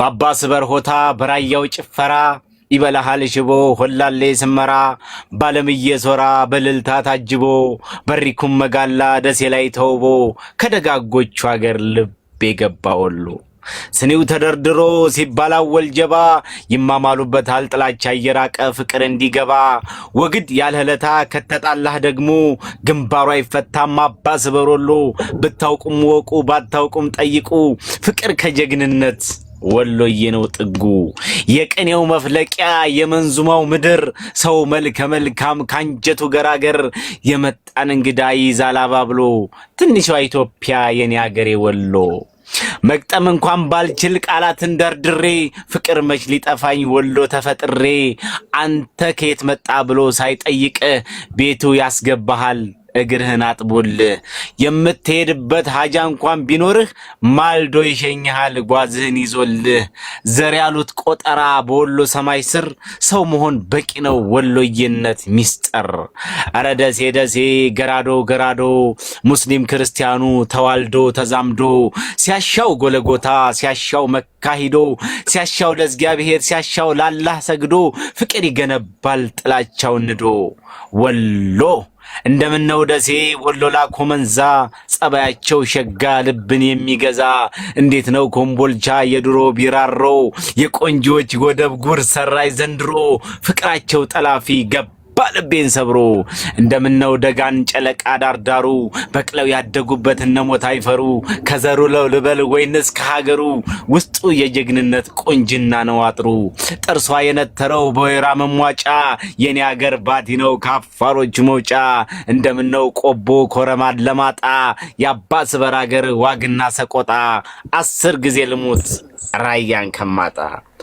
ባባስ በርሆታ በራያው ጭፈራ ይበላሃል ሽቦ ሆላሌ ስመራ ባለምዬ ሶራ በልልታ ታጅቦ በሪኩም መጋላ ደሴ ላይ ተውቦ ከደጋጎቹ አገር ልብ የገባ ወሎ ስኒው ተደርድሮ ሲባላወል ጀባ ይማማሉበታል ጥላቻ እየራቀ ፍቅር እንዲገባ ወግድ ያልህለታ ከተጣላህ ደግሞ ግንባሯ አይፈታም። አባስ በሮሎ ብታውቁም ወቁ ባታውቁም ጠይቁ ፍቅር ከጀግንነት ወሎዬ ነው ጥጉ የቅኔው መፍለቂያ የመንዙማው ምድር ሰው መልከ መልካም ካንጀቱ ገራገር የመጣን እንግዳ ይዛል አባብሎ ትንሿ ኢትዮጵያ የኔ አገሬ ወሎ መግጠም እንኳን ባልችል ቃላትን ደርድሬ ፍቅር መች ሊጠፋኝ ወሎ ተፈጥሬ አንተ ከየት መጣ ብሎ ሳይጠይቅ ቤቱ ያስገባሃል እግርህን አጥቦልህ የምትሄድበት ሀጃ እንኳን ቢኖርህ ማልዶ ይሸኝሃል ጓዝህን ይዞልህ። ዘር ያሉት ቆጠራ በወሎ ሰማይ ስር ሰው መሆን በቂ ነው ወሎዬነት ሚስጠር። እረ ደሴ ደሴ፣ ገራዶ ገራዶ፣ ሙስሊም ክርስቲያኑ ተዋልዶ ተዛምዶ ሲያሻው ጎለጎታ ሲያሻው መካ ሂዶ ሲያሻው ለእግዚአብሔር ሲያሻው ላላህ ሰግዶ ፍቅር ይገነባል ጥላቻው ንዶ ወሎ እንደምነው ደሴ ወሎላ ኮመንዛ ጸባያቸው ሸጋ ልብን የሚገዛ እንዴት ነው ኮምቦልቻ የድሮ ቢራሮ የቆንጆች ወደብ ጉር ሰራይ ዘንድሮ ፍቅራቸው ጠላፊ ገባ ልቤን ሰብሮ እንደምነው ደጋን ጨለቃ ዳርዳሩ በቅለው ያደጉበት እነሞት አይፈሩ ከዘሩ ለው ልበል ወይንስ ከሀገሩ ውስጡ የጀግንነት ቁንጅና ነው አጥሩ ጥርሷ የነተረው በወይራ መሟጫ የኔ ሀገር ባቲ ነው ከአፋሮች መውጫ እንደምነው ቆቦ ኮረማን ለማጣ የአባ ስበር ዋግና ሰቆጣ አስር ጊዜ ልሙት ራያን ከማጣ